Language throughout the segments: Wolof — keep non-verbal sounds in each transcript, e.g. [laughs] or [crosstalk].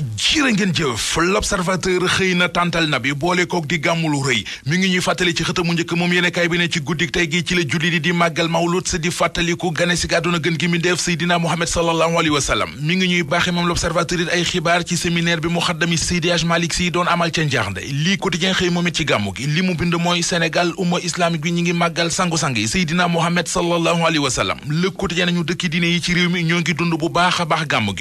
a ngeen jëf l'observateur xëy na tàntal na bi boole kook di gàmmulu rëy mi ngi ñuy fàttali ci xëtamu njëkk moom yéene kaay bi ne ci guddik tey gi ci la julli di di màggal mawlut sa di fàttaliku gane si àdduna gën gi mi def Seydina Muhammad sallallahu alayhi wa sallam mi ngi ñuy baaxe moom l'observateur it ay xibaar ci séminaire bi mu xaddami Seydi Aj Malik Si doon amal ca njaarnde lii quotidien xëy moom ci gàmmu gi li mu bind mooy Sénégal a baax gàmmu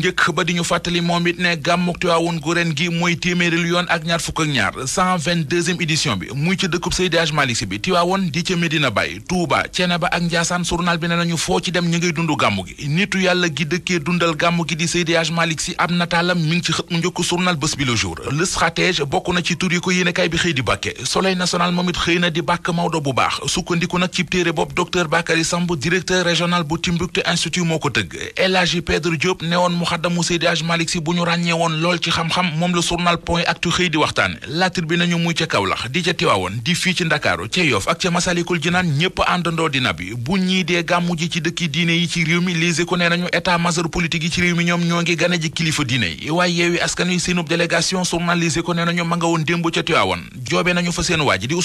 gi njëkk ba di ñu fàttali moom it ne gàmmuk Tiwaawoon gu gi mooy téeméeril yoon ak ñaar fukk ak ñaar 122e édition bi muy ci dëkkub Seydi Hadj Malick Sy bi Tiwaawoon di ca Medina Baye Touba Thiénaba ak Ndiassane journal bi ne nañu foo ci dem ñu dund gàmmu gi nitu yàlla gi dëkkee dundal gàmmu gi di Seydi Hadj Malick ab nataalam mi ci xët mu njëkk journal Bës Bi Le Jour le stratège bokk na ci tur yi ko yéenekaay bi xëy di bàkke Soleil national di bàkk maamu Seydi Aj Malick si bu ñu ràññee woon lool ci xam-xam moom la journal point actu xëy di waxtaane laatir bi nañu muy ca Kaolack di ca Tiwaawoon di fii ci Ndakaaru ca Yoff ak ca Masalikul Jinaan ñépp àndandoo di nabi bu ñii dee gàmmu ci dëkki diine yi ci réew mi Les Échos nee nañu état major politique yi ci réew mi ñoom ñoo ngi gane ji kilifa diine yi waaye yeewi askan wi seenub délégation journal Les Échos nee nañu ma nga woon démb ca Tiwaawoon joobee nañu fa seen waaj di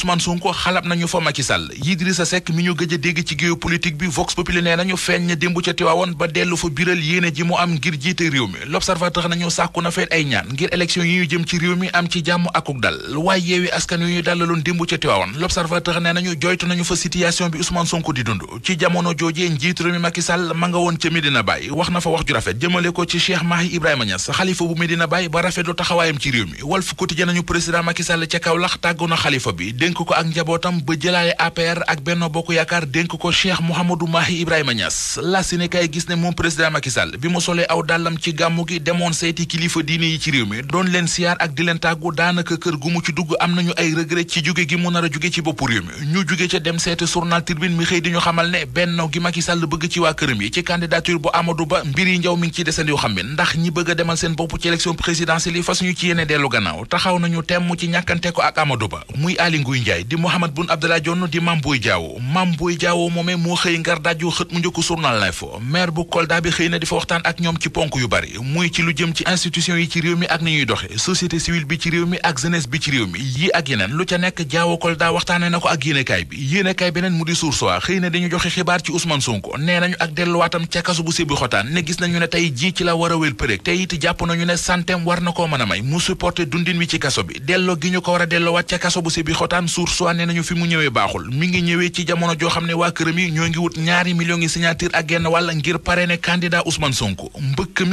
a réew mi l'observateur nañu sàkku na feet ay ñaan ngir élection yi ñu jëm ci réew mi am ci jàmm akuk dal waaye yeewi askan yu ñu dalaloon démb ca Tiwaawan l'observateur nee nañu nañu joojee njiit réew mi Macky ma nga woon ca Medina Baye wax na fa wax ju rafet jëmale ko ci Cheikh Mahi Ibrahima Niass xalifa bu Medina Baye ba rafetlu taxawaayam ci réew mi Walf Quotidien nañu président Macky ca Kaolack tàggu na xalifa bi dénk ko ak njabootam ba jëlaale APR ak Benno Bokk ko Cheikh Mouhamadou Mahi la Sénégal gis ne moom ci gàmmu gi demoon seeti kilifa diine yi ci réew mi doon leen siyaar ak di leen tàggu daanaka kër gu mu ci dugg am nañu ay regret ci jóge gi mu nar a jóge ci bopp réew mi ñu jóge ca dem seeti journal Tribune mi xëy di ñu xamal ne Benno gi Macky bëgg ci waa këram yi ci candidature bu Amadou Ba mbir yi njaw mi ngi ci desandi yoo xam ne ndax ñi bëgg a demal seen bopp ci élection présidentielle yi fas ñu ci yéene dellu gannaaw taxaw nañu temm ci ñàkkante ko ak Amadou Ba muy Aly Ngouille Ndiaye ak ñoom ci ponk yu yu bari muy ci lu jëm ci institution yi ci réew mi ak ni ñuy doxe société civile bi ci réew mi ak jeunesse bi ci réew mi yi ak yeneen lu ca nekk jaawakol daa waxtaane na ko ak yéenekaay bi yéenekaay beneen mu di Source A xëy na dañu joxe xibaar ci Ousmane Sonko nee nañu ak delluwaatam ca kasu bu sébi xotaan ne gis nañu ne tey jii ci la war a wél përég te it jàpp nañu ne santem war na koo mën a may mu supporté dundin wi ci kaso bi delloo gi ñu ko war a delloowaat ca kaso bu sébi xotaan Source A nee nañu fi mu ñëwee baaxul joo xam ne waa këram yi ñoo ngi wut ñaari millions yi signature ak genn wàll ngir parrainer candidat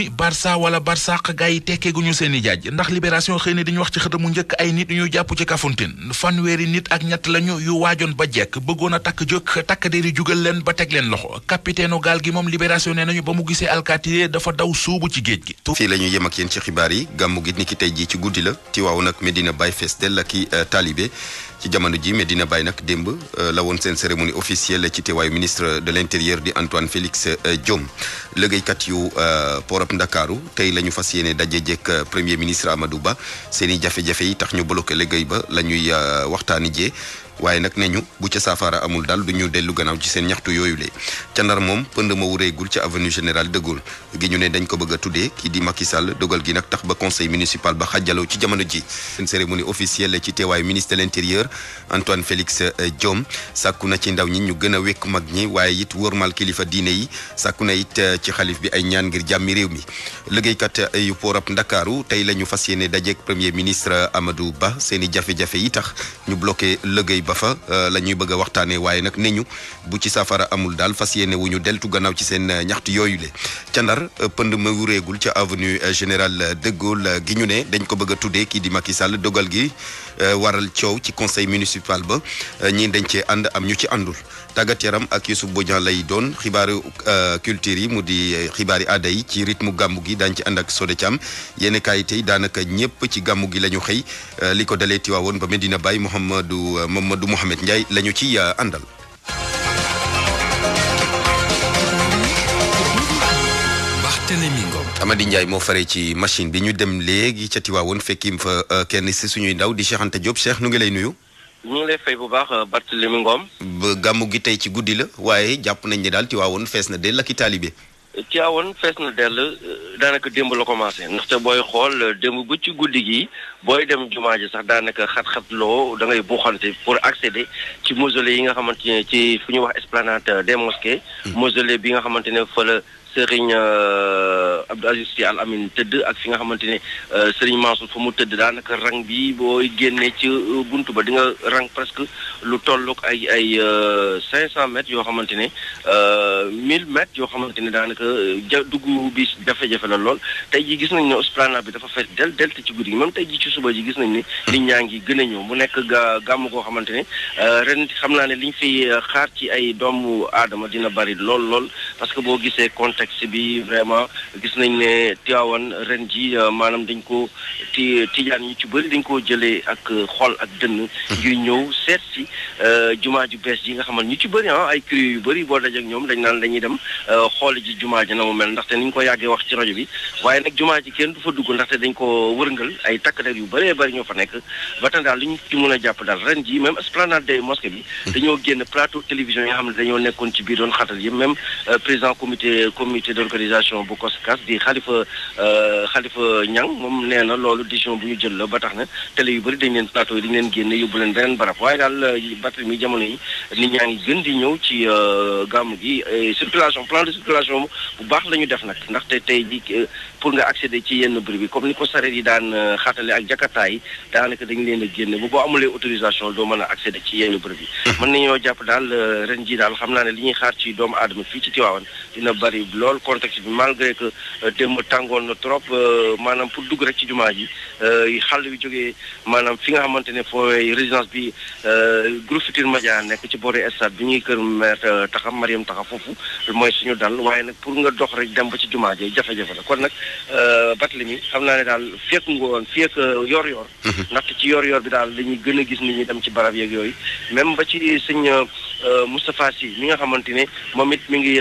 mi Barça wala Barsaq gaa yi tekkee gu ñu seen i jaaj ndax libération xëy na di ñu wax ci xëtamu njëkk ay nit ñu jàpp ci Kafountine fanweeri nit ak ñett lañu yu waajoon ba jekk bëggoon a takk jóg takk deri jugal leen ba teg leen loxo capitaine gaal gi moom libération nee nañu ba mu gisee alkaati dafa daw suubu ci géej gi. fii la ñu yem ak yéen ci xibaar yi gàmmu gi niki tey jii ci guddi la Tiwaawu nag Medina Baye fees dell ak i euh, taalibe ci jamono ji Medina Baye nag démb euh, la woon seen cérémonie officielle ci teewaayu ministre de l' di Antoine Félix euh, Diome liggéeykat yu euh, porop Ndakaaru tey la ñu fas yéene daje jekk premier ministre Amadou Ba seen i jafe-jafe yi tax ñu bloqué liggéey ba la ñuy waxtaani jee waaye nag ne ñu bu ca saafara amul daal du ñu dellu ganaaw ci seen ñaxtu yooyu le ca ndar moom pënd ma wureegul ca avenue général de Gaulle gi ñu ne dañ ko bëgg a tuddee kii di Macky Sall dogal gi nag tax ba conseil municipal ba xàjjaloo ci jamono ji seen cérémonie officielle ci teewaayu ministre de l'intérieur Antoine Félix euh, Diome sàkku na ci ndaw ñi ñu gën a wekk mag ñi waaye it wormal kilifa diine yi sàkku na it euh, ci xalif bi ay ñaan ngir jàmmi réew mi liggéeykat euh, yu poorab Ndakaaru tey la ñu fas yéene dajeek premier ministre Amadou Ba seen i yi tax ñu bloqué liggéey ba fa euh, la ñuy bëgg a waxtaanee waaye nag ne ñu bu ci saafara amul daal fas yéene wu ñu deltu gannaaw ci seen euh, ñaxtu yooyu le ca ndar euh, pënd ma wuréegul ca avenue général de gi ñu ne dañ ko bëgg a tuddee kii di Macky Sall dogal gi Euh, waral coow ci conseil municipal ba euh, ñii dañ cee ànd am ñu ci àndul tàggat yaram ak Youssouf Bodian lay doon xibaaru euh, culture yi mu di xibaari aada yi ci rythme gàmmu gi dañ ci ànd ak Sode Thiam yenn kaay tey daanaka ñëpp ci gàmmu gi la ñu xëy li ko dalee Tiwaawoon ba Medina Baye Mouhamadou Mamadou Mouhamed Ndiaye la ñu ci àndal. Amady Ndiaye moo fare ci machine bi ñu dem léegi ca Tiwaawoon fekkim fa euh, kenn si suñuy ndaw di Cheikh Anta Diop nu ngi lay nuyu. ñu ngi lay fay bu baax euh, Barthélemy Ngom. ba gàmmu gi tey ci guddi la waaye jàpp nañ ne daal Tiwaawoon fees na dell ak i taalibe. Tiwaawoon fees na euh, daanaka démb la commencé ndaxte booy xool démb bu ci guddi gi booy dem jumaa ji sax daanaka xat-xat loo da ngay buuxante pour accéder ci mausolée yi nga xamante ne ci fu ñuy wax esplanade des mosquées. Hmm. mausolée bi nga xamante ne fa la Serigne euh, Abdou Aziz Sy Al Amin tëdd ak fi nga xamante ne euh, Serigne Mansour fa mu tëdd daanaka rang bi booy génnee ci euh, bunt ba di nga rang presque lu tollook ay ay cinq cent mètres yoo xamante ne mille mètres yoo xamante ne daanaka ja dugg bi jafe-jafe la lool tey ji gis nañ ne esplanade bi dafa fees del del te ci guddi gi tey ji ci suba ji gis nañ ni nit ñaa ngi gën a ñëw mu nekk ga gàmm goo xamante ne ren xam naa ne liñ fi xaar ci ay doomu aadama dina bari lool contexte bi vraiment gis nañ ne Tiwaawan ren ji euh, maanaam dañ ko ti tijaan ñu ci bëri dañ koo jëlee ak euh, xool ak dënn ngir mhm. ñëw seet si euh, jumaa ju bees ji nga xamante ñu ci bëri ah, ay curieux yu bëri boo dajek ñoom dañ naan dañuy dem xool ji jumaa ji na mu mel ndaxte ni ñu ko yàggee wax ci rajo bi waaye nag jumaa ji kenn du fa dugg ndaxte dañ ko wërngal ay takk der yu bëree bëri ñoo fa nekk ba tax daal li ci mën a jàpp daal ren ji même esplanade des mosquées bi mhm. dañoo génn plateau télévision yi xam dañoo nekkoon ci biir doon xatal yëpp comité d' organisation bu COSCAS di xalifa ñang euh, moom nee na loolu décision bu ñu jël la ba tax na télé yu bëri dañ leen plateau yi dañ leen génne yóbbu leen beneen barab waaye daal euh, batterie mi jamono yi nit ñaa ngi gën di ñëw ci euh, gàmm gi circulation plan de circulation bu baax la ñu def nag ndaxte tey ji pour nga ci yenn bëri bi comme ni ko sareet yi daan xaatale ak jakartaa yi daanaka dañu leen a génne bu boo amulee autorisation doo mën a accéder ci yenn bëri bi hmm. mën nañoo jàpp daal ren ji daal xam naa ne li ñuy xaar ci doomu aadama fii ci lool contexte bi malgré que euh, démb tàngoon na trop euh, maanaam pour dugg rek ci jumaa ji euh, xal bi jógee maanaam fi nga xamante ne fooy résidence bi groupe Futurs nekk ci boori stade bi ñuy kër maire taxa Mariam taxa foofu mooy suñu dal waaye nag pour nga dox rek dem ba ci jumaa ji jafe-jafe la kon nag Barthélémy xam naa ne daal fekk ngoon fekk yor-yor. Mhm. ndaxte ci yor-yor bi daal dañuy gën a gis nit ñi dem ci barab yeeg yooyu même ba ci sëñ Moustapha Sy mi nga xamante ne moom it mi ngi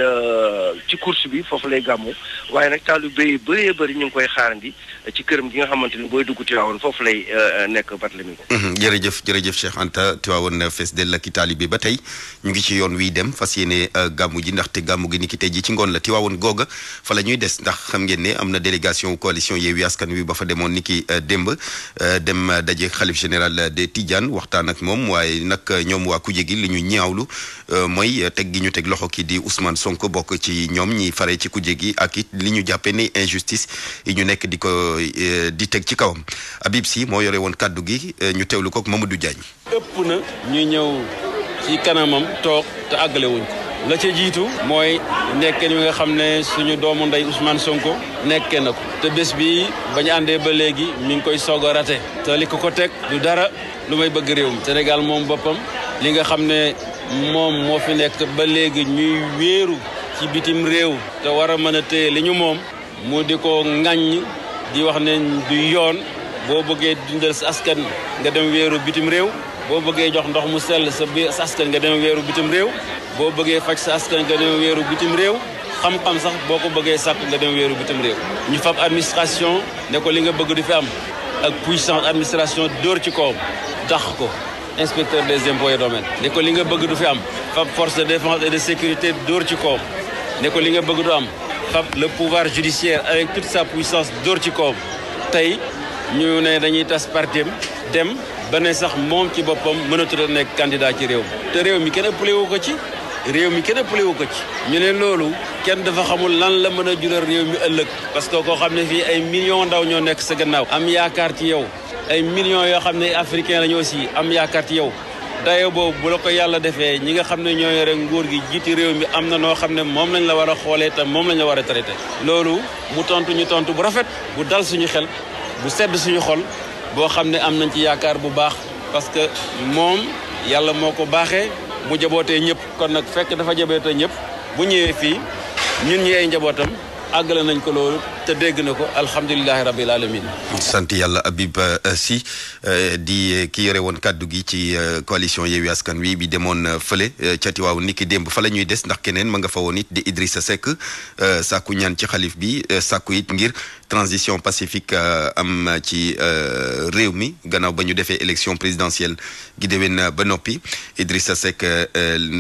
marche bi foofu lay gàmmu waaye nag taalibe yi ni booy dugg Tiwaawoon foofu lay euh, nekk Barthélémy. Mhm, jërëjëf jërëjëf Cheikh Anta Tiwaawoon fees ba tey ñu ngi ci yoon wiy dem fas yéene euh, gàmmu ji ndaxte gàmmu gi ni ki tey ji ci ngoon la Tiwaawoon googa fa la ñuy des ndax xam ngeen ne am na délégation coalition Yewwi Askan Wi ba fa demoon ni ki euh, démb dem daje xalif général de Tidiane waxtaan ak moom waaye nag ñoom waa kuje gi li ñu ñaawlu mooy teg gi ñu teg loxo kii di Ousmane Sonko bokk ci ñoom ñi fare ci kujje gi ak it li ñu jàppe ni injustice yi ñu nekk di ko euh, di teg ci kawam Habib si moo yore woon kàddu gi euh, ñu teewlu ko ak du Diagne ëpp na ñu ñëw ci kanamam toog te àggale wuñ ko la ca jiitu mooy nekkee wi nga xam ne suñu doomu ndey Ousmane ko nekkee na ko te bés bi bañu àndee ba léegi mu ngi koy soog a rate te li ko ko teg du dara lu may bëgg réew Sénégal moom boppam li nga xam ne moom moo fi nekk ba léegi ñuy wéeru ci bitim réew te war a mën a téye li ñu moom mu di ko ŋàññ di wax ne du yoon boo bëggee dundal sa askan nga dem wéeru bitim réew boo bëggee jox ndox mu sell sa biir sa nga dem wéeru bitim réew boo bëggee faj sa askan nga dem wéeru bitim réew xam-xam sax boo ko bëggee sàkk nga dem wéeru bitim réew ñu fab administration ne ko li nga bëgg du fi am ak puissance administration dóor ci kawam tax ko inspecteur des impôts et domaines ne ko li nga bëgg du fi am fab force de défense et de sécurité dóor ci kawam ne ko li nga bëgg du am fab le pouvoir judiciaire ay toute sa puissance dóor ci kawam tey ñu ne dañuy tas partim dem ba ne sax moom ci boppam mënatul a nekk candidat ci réew mi te réew mi kenn ëppale wu ko ci réew mi kenn wu ko ci ñu ne loolu kenn dafa xamul lan la mën a jural réew mi ëllëg parce que koo xam ne fii ay millions ndaw ñoo nekk sa gannaaw am yaakaar ci yow ay millions yoo xam ne africain lañu aussi am yaakaar ci yow dayo boobu bu la ko yàlla defee ñi nga xam ne ñoo yore nguur gi jiiti réew mi am na noo xam ne moom lañ la war a xoolee te moom lañ la war a traité. loolu mu tontu ñu tontu bu rafet bu dal suñu xel bu sedd suñu xol boo xam ne am nañ ci yaakaar bu baax parce que moom yàlla moo ko baaxee mu jabootee ñëpp kon nag fekk dafa jabootee ñëpp bu ñëwee fii ñun ñi ay njabootam. àggale nañ ko lool te dégg na ko alhamdulilahi rabil alamin sant yàlla Habib euh, Sy euh, di euh, ki yore woon kàddu gi ci coalition Yewwi Askan Wi bi demoon fële ca Tiwaaw niki démb fala ñuy des ndax keneen ma nga fa woon di di Idrissa Seck sàkku ñaan ci xalif bi sàkku it ngir transition pacifique euh, am ci euh, réew mi gannaaw ba ñu defee élection présidentielle gi déwén euh, ba noppi Idrissa Seck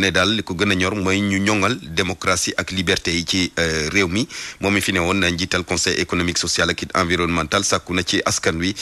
ne daal li ko gën a ñor mooy ñu ñoŋal démocratie ak liberté yi ci réew mi moom i fi ne woon njiital conseil économique social ak environnemental sàkku na ci askan wi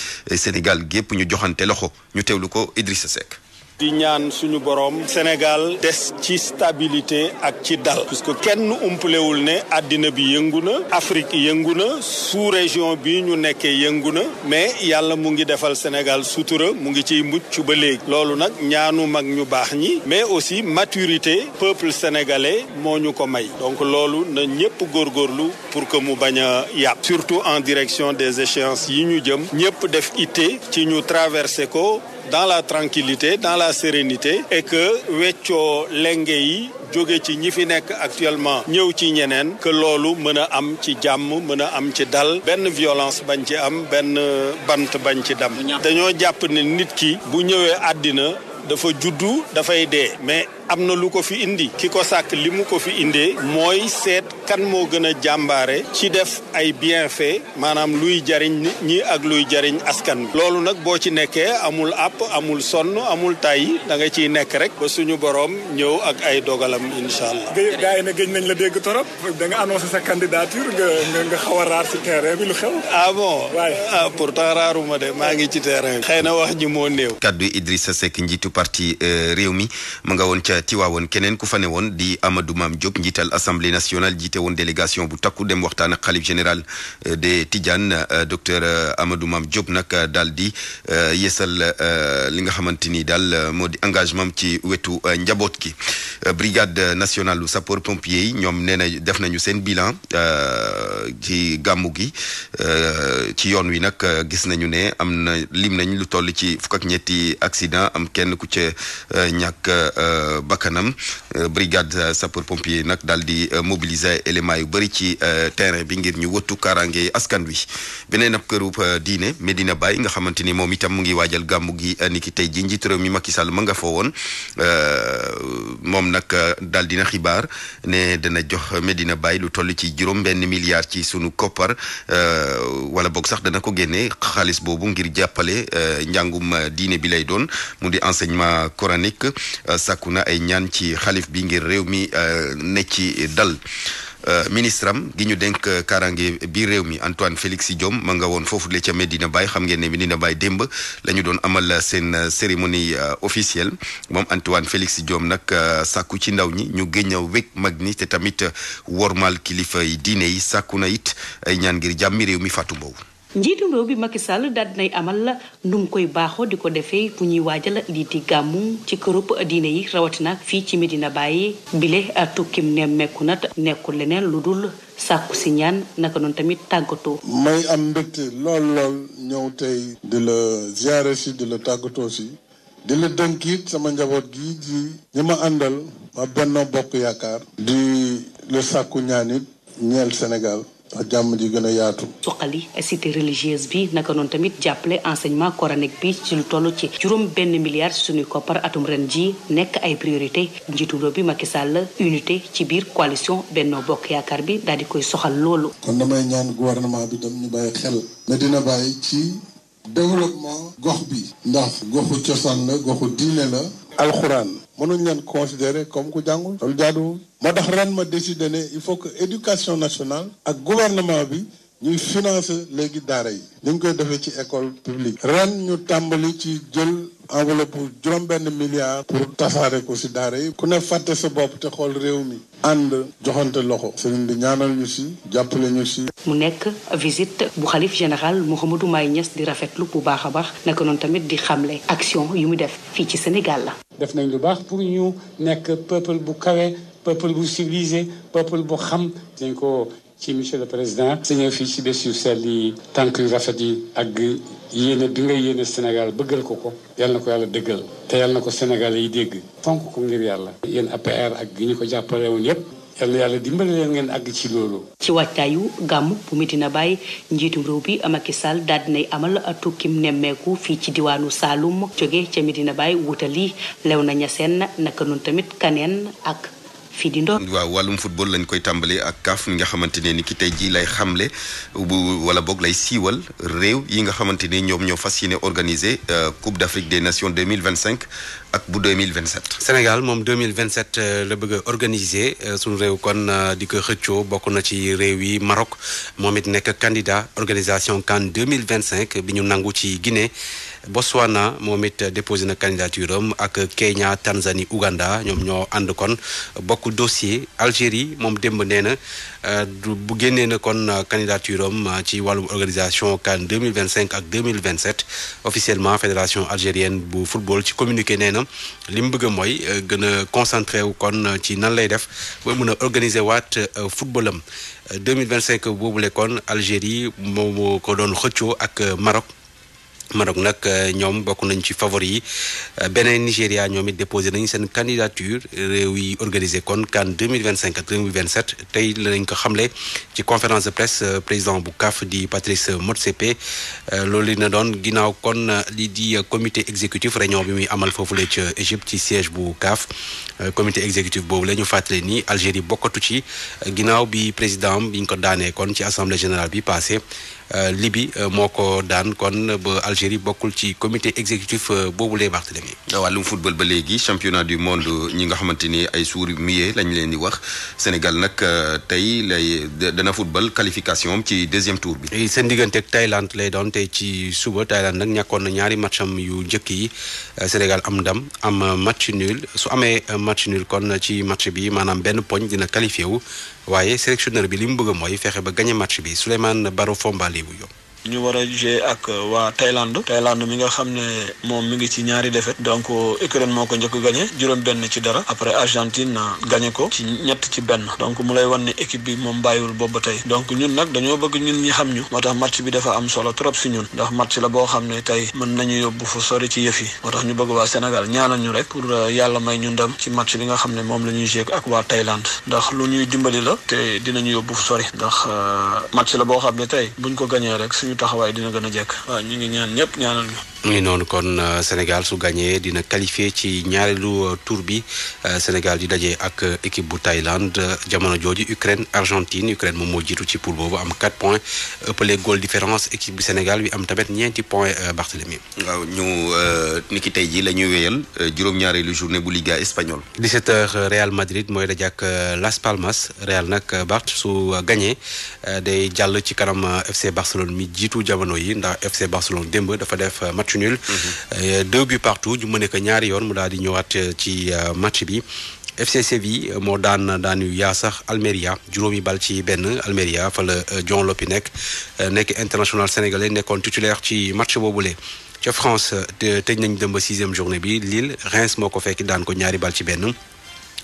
Sénégal gépp ñu joxante loxo ñu teewlu ko Idrissa Seck di ñaan suñu borom Sénégal des ci stabilité ak ci dal puisque kenn umpalewul ne àddina bi yëngu na Afrique yëngu na sous région bi ñu nekkee yëngu na mais yàlla mu ngi defal Sénégal sutura mu ngi ciy mucc ba léegi loolu nag ñaanu mag ñu baax ñi mais aussi maturité peuple sénégalais moo ñu ko may donc loolu na ñëpp góorlu pour que mu bañ a yàpp surtout en direction des échéances yi ñu jëm ñëpp def ité ci ñu traversé ko dans la tranquillité dans la sérénité et que weccoo lenge yi jóge ci ñi fi nekk actuellement ñëw ci ñeneen que loolu mën a am ci jàmm mën a am ci dal benn violence bañ ci am benn bant bañ ci dam dañoo jàpp ne nit ki bu ñëwee àddina dafa juddu dafay dee mais am na lu ko fi indi ki ko sàkk li mu ko fi indee mooy seet kan moo gën a jàmbaare ci def ay bienfait maanaam luy jariñ nit ñi ak luy jariñ askan bi loolu nag boo ci nekkee amul àpp amul sonn amul tàyyi da nga ciy nekk rek ba suñu borom ñëw ak ay dogalam incha allah. gaa yi ne nañ la dégg torop da nga annoncé sa candidature nga nga xaw a raar ci terrain bi lu xew. ah bon ah de maa ngi ci terrain bi. xëy na wax ji moo néew. kaddu Idrissa Seck njiitu parti euh, réew mi mu nga woon ca Tiwaawoon keneen ku fane woon di Amadou maam Diop njiital assemblée nationale jiite woon délégation bu takku dem waxtaan ak xalif général euh, des Tidiane euh, docteur euh, amadu Mame Diop nag daal di yeesal li nga xamante ni daal moo di engagement ci wetu njaboot gi. brigade nationale du pompier yi ñoom nee na def nañu seen bilan ci gàmmu gi ci yoon wi nag gis nañu ne am na lim nañ lu toll ci fukk ak ñetti accident am kenn ku ca ñàkk. bakkanam euh, brigade euh, sapeur pompier nag daal di euh, mobiliser éléments yu bëri ci terrain bi ngir ñu wëttu kaaraange askan wi beneen ab kërub diine Medina Baye nga xamante ni moom itam mu ngi waajal gàmmu gi niki tey ji njiit réew mi Macky Sall ma nga fa woon moom nag daal dina xibaar ne dana jox Medina Baye lu toll ci juróom benn milliard ci sunu koppar wala boog sax dana ko génne xaalis boobu ngir jàppale njàngum diine bi lay doon mu di enseignement coranique sàkku ay ñaan ci xalif bi ngir réew mi euh, nekk ci dal euh, ministre am gi ñu denk euh, kaaraange biir réew mi Antoine Félix Diome ma nga woon foofu le ca Medina Baye xam ngeen ne Medina Baye démb lañu doon amal seen cérémonie officielle moom Antoine Félix Diome nag sàkku ci ndaw ñi ñu génn wég mag ñi te tamit wormaal kilifa yi diine yi sàkku na it ay ñaan ngir jàmmi réew mi Fatou Mbow njiitum réew bi Macky Sall daal amal la nu mu koy baaxoo di ko defee bu ñuy waajal lii di gàmmu ci kërub addina yi rawatina fii ci Medina Baye bile tukkim nemmeeku na nekkul leneen lu dul sàkku si ñaan naka noonu tamit tàggatoo. may am mbégte lool lool ñëw tey. di la ziare si di la tàggatoo si. di la dënk it sama njaboot gi ji ñi ma àndal. ma Benno Bokk Yaakaar. di la sàkku ñaan it ñeel Sénégal. ndax jàmm ji gën a yaatu. suqali cité religieuse bi naka noonu tamit jàppale enseignement coranique bi ci lu toll ci juróom benn milliard suñuy koppar atum ren ji nekk ay priorité njiitu réew bi Macky sàll unité ci biir coalition Benno Bokk Yaakaar bi daal di koy soxal loolu. kon damay ñaan gouvernement bi dem ñu bàyyi xel. mais dina bàyyi ci développement. gox bi. ndax goxu cosaan la goxu diine la. alxuraan. mënuñ leen considérer comme ku jàngul loolu jaaduwul moo tax ren ma décidé ne il faut que éducation nationale ak gouvernement bi ñuy financer léegi daara yi. ni ñu koy defee ci école publique. ren ñu tàmbali ci jël enveloppe bu juróom-benn milliard. pour tasaare ko si daara yi. ku ne fàtte sa bopp te xool réew mi. ànd joxante loxo. sëriñ bi ñaanal ñu si jàppale ñu si. mu nekk visite bu xalif général Mouhamadou Maye Niass di rafetlu bu baax a baax naka noonu tamit di xamle action yu mu def fii ci Sénégal la. def nañ lu baax pour ñu nekk peuple bu kawe peuple bu civilisé peuple bu xam. dañ ko ci monsieur le président sëñëw fii ci bés yu sell yi tànk rafet yi ak yéene bi nga yéene Sénégal bëggal ko ko yal na ko yàlla dëggal te yal na ko Sénégal yi dégg fonk ko ngir yàlla yéen APR ak gi ñu ko jàppale woon yépp yal na yàlla dimbale leen ngeen àgg ci loolu ci waajtaayu gàmm bu Medina Baye njiitum réew bi Macky Sall daal dinay amal tukkim nemmeeku fii ci diwaanu Saloum jóge ca Medina Baye wutali Léona Niassène naka noonu tamit kaneen ak waaw wàllum football lañ koy tàmbali ak kaaf mi nga xamante ne ni ki tey jii lay xamle bu wala boog lay siiwal réew yi nga xamante ne ñoom ñoo fas yéene organiser euh, Coupe d'Afrique des Nations 2025 ak bu 2027. Sénégal moom 2027 euh, la bëgg a organiser euh, suñu réew kon di ko xëccoo bokk na ci réew yi Maroc moom it nekk candidat organisation CAN 2025 bi ñu nangu ci Guinée. Botswana moom it déposé na candidature am ak Kenya Tanzanie Ouganda ñoom ñoo ànd kon bokk dossier Algérie moom démb nee na euh, bu génnee na kon candidature am ci wàllum organisation CAN 2025 ak 2027 officiellement fédération algérienne bu football ci communiqué nee na li mu bëgg mooy euh, gën a concentré wu kon ci nan lay def ba mën a organiser waat euh, football am 2025 kon lekkoon Algérie moo ko doon xëccoo ak Maroc Maroc nag euh, ñoom bokk nañ ci favori yi euh, beneen Nigéria ñoom it déposé nañ seen candidature réew yi organisé kon CAN 2025 ak 2027 tey lañ ko xamle ci conférence de presse euh, président bu CAF di Patrice Motsepe loolu dina doon ginnaaw kon li di comité exécutif réunion bi muy amal foofule ca Égypte ci siège bu CAF comité exécutif boobu la ñu fàttale ni Algérie bokkatu ci ginnaaw bi président bi ñu ko daanee kon ci assemblée général bi passé Euh, Libye euh, moo ko daan kon euh, ba Algérie bokkul ci comité exécutif boobu lay Barthélemy. wàllum football ba léegi championnat du monde ñi nga xamante ni ay sourds-muets lañ leen di wax Sénégal nag tey lay dana football qualification ci deuxième tour bi. seen diggante ak Thaïlande lay doon tey ci suba Thaïlande nag ñàkkoon na ñaari matcham yu njëkk yi Sénégal am dam am match nul su amee match nul kon ci match bi maanaam benn poñ dina qualifié wu. waaye sélectionneur bi li mu bëgg mooy fexe ba gagné match bi Souleymane Baro Fomba lii bu yomb ñu war a jouer ak waa Thaïlande Thaïlande mi nga xam ne moom mu ngi ci ñaari defe donc Ukraine moo ko njëkk gagné juróom benn ci dara après Argentine ah, gagné ko ci ñett ci benn donc mu lay wan ne équipe bi moom bàyyiwul boobu ba tey donc ñun nag dañoo bëgg ñun ñi xam ñu moo tax match bi dafa am solo trop si ñun ndax match la boo xam ne tey mën nañu yóbbu fu sori ci yëf yi moo tax ñu bëgg waa Sénégal ñaanal ñu rek pour euh, yàlla may ñu ndam ci match bi nga xam ne moom la ñuy jouer ak waa Thaïlande ndax lu ñuy dimbali la te dinañu yóbbu fu sori ndax euh, match la boo xam ne tey buñ ko gagné ñu taxawaay dina gën a jekk waaw ñu ngi ñaan ñëpp ñaanal ñu mu noonu kon euh, Sénégal su gagné dina qualifié ci ñaareelu euh, tour bi euh, Sénégal di daje ak équipe bu Thaïlande jamono jooju Ukraine Argentine Ukraine moom moo jiitu ci poule boobu am 4 points ëppale goal différence équipe bu Sénégal bi am tamit ñeenti points Barthélemy. waaw ñu niki tey jii la ñuy wéyal juróom-ñaareelu journée bu Liga espagnole. 17h Real Madrid mooy daje ak Las Palmas Real nag Bart su gagné day jàll ci kanam FC Barcelone mi jiitu jamono yi ndax FC Barcelone dafa def match nul. Mhm. Euh, deux buts partout ñu mën ko ñaari yoon mu daal di ñëwaat euh, ci euh, match bi. FC Séville moo daan daan yu yaa sax Almeria juróomi bal ci benn Almeria fa la Dion Lopy nekk nekk international sénégalais nekkoon titulaire ci match boobule. ca France tëj nañ dem ba sixième journée bi Lille Reims moo ko fekki daan ko ñaari bal ci benn.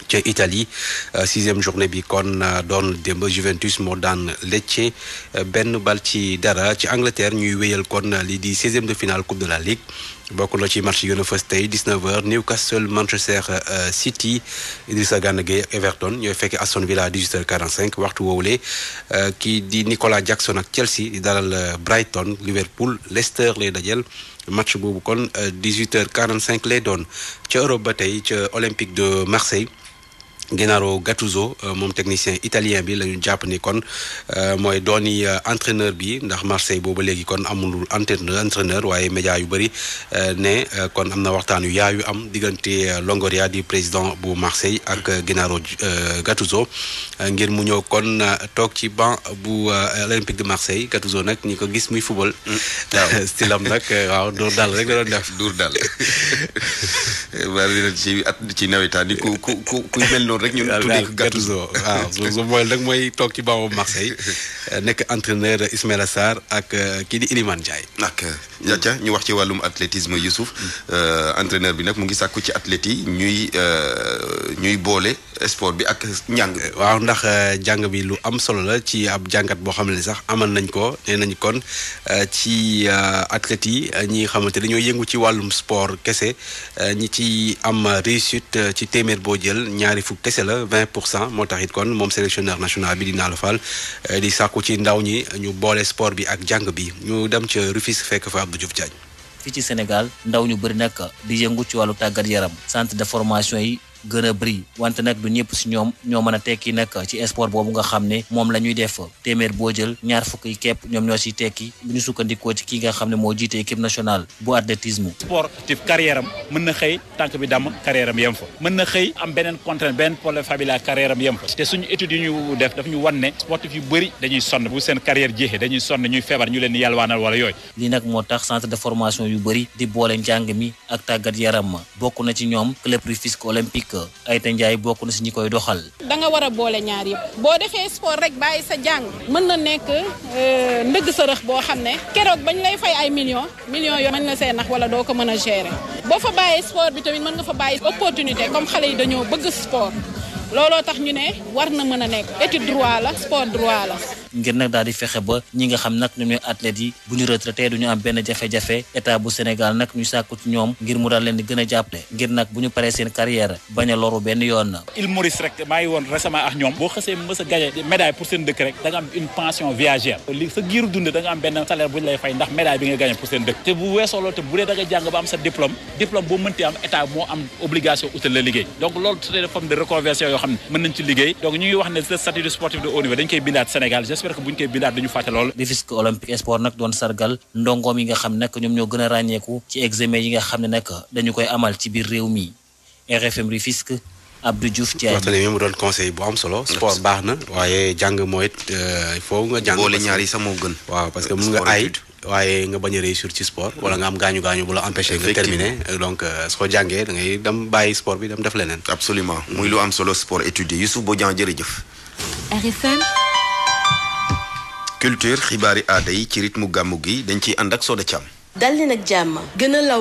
ca Italie euh, sixième journée bi kon euh, doon démb Juventus moo daan Lecce euh, benn bal ci dara ci Angleterre ñuy wéyal kon lii di seizième de finale coupe de la ligue bokk na ci match yoona fës tey 19h Newcastle Manchester City Idrissa Gana Gueye Everton ñooy fekk Aston Villa à 18h45 waxtu woowule kii di Nicolas Jackson ak Chelsea di dalal Brighton Liverpool Leicester lay dajel match boobu kon 18h45 lay doon ca Europe ba tey ca Olympique de Marseille. Gennaro Gattuso euh, moom technicien italien bi lañu jàpp ni kon euh, mooy dooni euh, entraîneur bi ndax Marseille booba léegi kon amulul entraîneur waaye média yu bëri ne kon am na waxtaan yu yaayu am diggante Longoria di président bu Marseille ak Gennaro Gattuso ngir mu ñëw kon toog ci banc bu Olympique de Marseille Gattuso nag ñi ko gis muy football. waaw [laughs] style waaw dóor daal rek la doon def. dóor daal [laughs] ci at ci nawetaan ku ku ku mel noonu loolu rek ñun tuddee ko waaw su mooy rek mooy toog ci baamu Marseille [laughs] euh, nekk entraîneur Ismaïla saar ak euh, kii di Iliman Ndiaye ak euh, ñu wax ci wàllum athlétisme Youssouf mm. entraîneur bi nag mu ngi sàkku ci athlètes yi ñuy ñuy boole sport bi ak njàng waaw ndax jàng bi lu am solo la ci ab jàngat boo xam ne sax amal nañ ko nee nañ kon ci athlètes yi ñi xamante ñooy yëngu ci wàllum sport kese ñi ci am réussite ci téeméer boo jël ñaari fukk kese la 20 pour cent moo tax kon moom sélectionneur national bi di Nalo Fall eh, di sàkku ci ndaw ñi ñu boole sport bi ak jàng bi ñu dem ca Rufisque fekk fa Abdou Diouf Diagne. fi ci Sénégal ndaw ñu bëri nag di yëngu ci wàllu tàggat yaram centre de formation yi gën a bëri wante nag du ñëpp si ñoom ñoo mën a tekki nag ci sport boobu nga xam ne moom la ñuy def téeméer boo jël ñaar fukk yi képp ñoom ñoo siy tekki bu ñu sukkandikoo ci kii nga xam ne moo jiite équipe nationale bu athlétisme. sportif carrière am mën na xëy tànk bi damm carrière am yem fa mën na xëy am beneen contrainte beneen problème familial carrière yem fa te suñu études yi ñu def daf ñu wan ne sportif yu bëri dañuy que Aïta Ndiaye bokk na si ñi koy doxal. da nga war a boole ñaar yëpp boo defee sport rek bàyyi sa jàng mën na nekk euh, ndëgg sërëx boo xam ne keroog bañ lay fay ay million millions yoo mën na see nax wala doo ko mën a gérer boo fa bàyyi sport bi tamit mën nga fa bàyyi opportunité comme xale yi dañoo bëgg sport looloo tax ñu ne war na mën a nekk étude droit la sport droit la. ngir nag daal di fexe ba ñi nga xam nag ñoom ñooy athlètes yi bu ñu retraité du ñu am benn jafe-jafe état bu Sénégal nag ñu sàkku ñoom ngir mu daal leen di gën a jàppale ngir nag bu ñu paree seen carrière bañ loru benn yoon il Maurice rek maa ngi woon récemment ak ñoom boo xësee mës a gagné médaille pour seen dëkk rek da am une pension viagère li sa giiru dund da am benn salaire bu lay fay ndax médaille bi nga gagné pour seen dëkk te bu weesoo loolu j'espère que bu ñu koy bindaat dañu fàtte lool Rufisque Olympique Sport nag doon sargal ndongoom yi nga xam nag ñoom ñoo gën a ràññeeku ci examen yi nga xam ne nag dañu koy amal ci biir réew mi RFM Rufisque Abdou Diouf Thiaye waxtaanee mi mu doon conseil bu am solo. baax na waaye jàng it il euh, nga jàng. boole ñaar gën. waaw parce que mun nga ay waaye nga bañ a réussir ci sport. Mm. wala nga am gaañu gaañu bu la empêcher nga terminer donc euh, soo jàngee da dam dem bàyyi sport bi dam def leneen. absolument muy lu am solo sport étudier Youssouf Bodian jërëjëf. RFM. culture xibaari aada yi ci rythme gàmmu gi dañ ciy ànd ak Soda Thiam. dal leen ak a law.